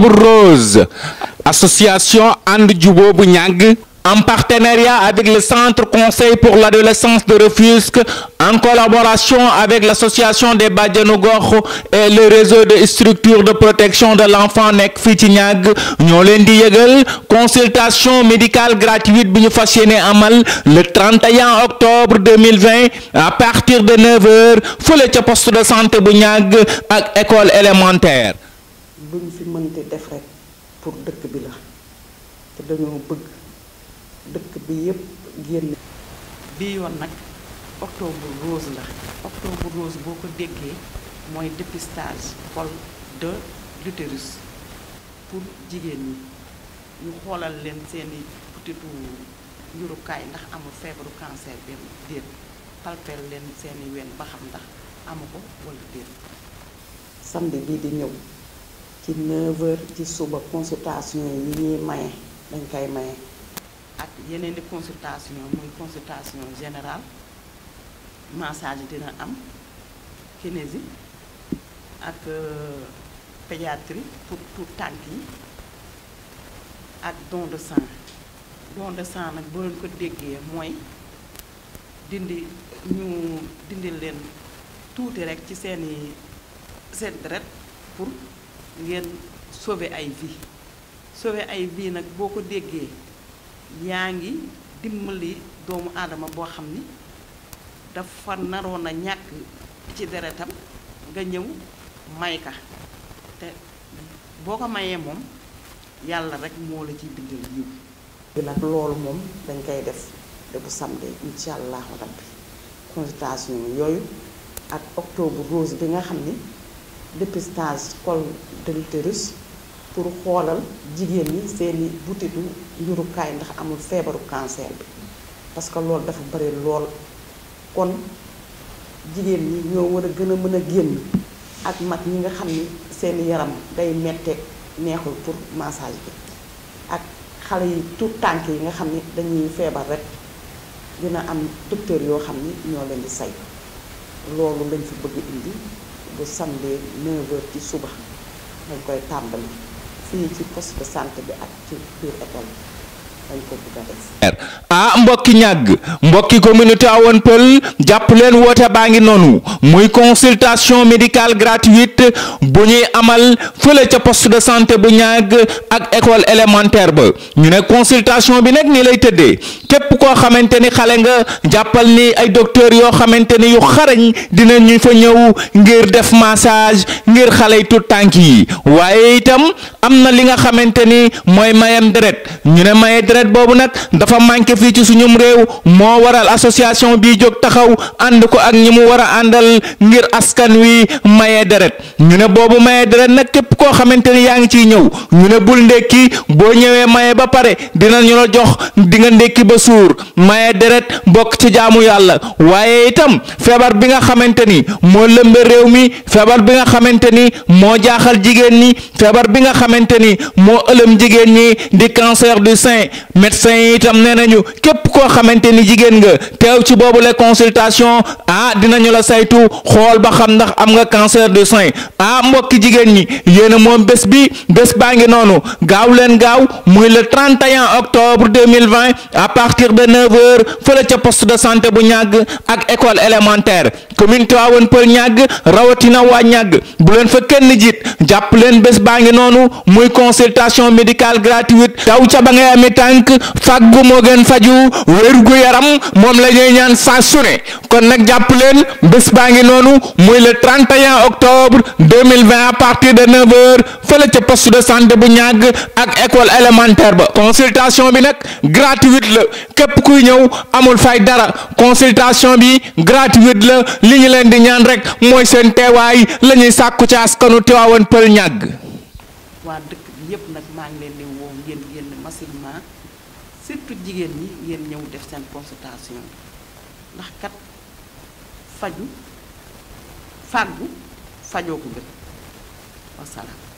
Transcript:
rose association And Djubo en partenariat avec le Centre Conseil pour l'adolescence de Refusque, en collaboration avec l'association des Badjanogor et le réseau de structures de protection de l'enfant Nek Fitignag, Nyolendi Yegel, consultation médicale gratuite Amal le 31 octobre 2020 à partir de 9h, Foule poste de santé Bouniag, à école élémentaire. luñ fi mënti def rek pour dëkk bi la te dañoo bëgg dëkk bi yépp génn bii yoon nag octobre rose la octobre rose boo ko déggee mooy dépistage col de l'utérus pour jigéen ñi ñu xoolal leen seeni butitu njurukaay ndax amul feebaru cancer bi déet palpeel leen seeni ween ba xam ndax amu ko wala déet samedi bii di ñëw ci 9h ci suba consultation yi ñuy maye dañ koy maye ak yeneen di consultation muy consultation générale massage dina am kinésie ak euh, pédiatrie pour pour tànk yi ak don de sang don de sang nag boo leen ko déggee mooy dindi ñu dindi leen tuuti rek ci seeni seen pour ngeen sauver ay vie sauver ay vie nag boo ko déggee yaa ngi li doomu aadama boo xam ni dafa naroon a ñàkk ci deretam nga ñëw may ka te boo ko mayee moom yàlla rek moo la ciy bindal yiw bi nag loolu moom dañ koy def te bu samedi incha allahu consultation yooyu ak octobre rose bi nga xam ni dépistage col de pour xoolal jigéen ñi seeni butitu njurukaay ndax amul feebaru cancer bi parce que loolu dafa bari lool kon jigéen ñi ñoo war a gën a mën a génn ak mag ñi nga xam ni seeni yaram day mette neexul pour massage bi ak xale yi tout tànk yi nga xam ni dañuy feebar rek dina am docteur yoo xam ni ñoo leen di say loolu lañ fi bëgg indi bu samedi 9h ci suba dañ koy tàmbali fii ci poste de santé bi ak ci biir école dañ ko bëgg a ah mbokki ñàgg mbokki communauté Awon Pël jàpp leen woote baa ngi noonu muy consultation médicale gratuite bu ñuy amal fële ca post de santé bu ñàgg ak école élémentaire ba ñu ne consultation bi nag nii lay tëddee képp koo xamante ni xale nga jàppal ni ay docteur yoo xamante ni yu xarañ dina ñuy fa ñëw ngir def massage ngir xale yi tout tànk yi waaye itam am na li nga xamante mooy mayam deret ñu ne maye deret boobu nag dafa manqué fii ci suñum réew moo waral association bi jóg taxaw ànd ko ak ñi mu war a àndal ngir askan wi maye deret ñu ne boobu maye deret nag képp koo xamante ni yaa ngi ciy ñëw ñu ne bul ndékki boo ñëwee maye ba pare dina ñu la jox di nga ndékki ba suur maye deret mbokk ci jaamu yàlla waaye itam feebar bi nga xamante ni moo lëmbe réew mi feebar bi nga xamante ni moo jaaxal jigéen ñi feebar bi nga xamante ni moo ëlëm jigéen ñi di cancer du sein médecin itam képp ko xamanteni jigen nga teew ci bobu la consultation ah dinañu la saytu xol ba xam ndax am nga cancer du sein ah mbokki jigen ñi yéen mom bes bi bes baangi nonu noonu gaaw leen gaaw muy le 31 octobre 2020 à partir de 9 h fele ci poste de santé bu ñàgg ak école élémentaire commune tawone Peulh ñàgg rawatina wa ñàgg bu len fa kenn jiit japp len bes baangi nonu noonu muy consultation médicale gratuite taw ci ba ngay amee tank fàggu moo gën faj aju wérgu yaram moom lañuy ñaan saa su ne kon nag jàpp leen bés baa ngi noonu muy le 31 octobre 2020 à partir de 9 heures fële ca poste de santé bu ñàgg ak école élémentaire ba consultation bi nag gratuite la képp kuy ñëw amul fay dara consultation bi gratuite la li ñu leen di ñaan rek mooy seen teewaay la ñuy sàkku ci askanu Tiwaawan Pël ñàgg waa dëkk maa ngi surtout jigéen ñi ngeen ñëw def seen consultation ndax kat faju fàggu fajoo ko gën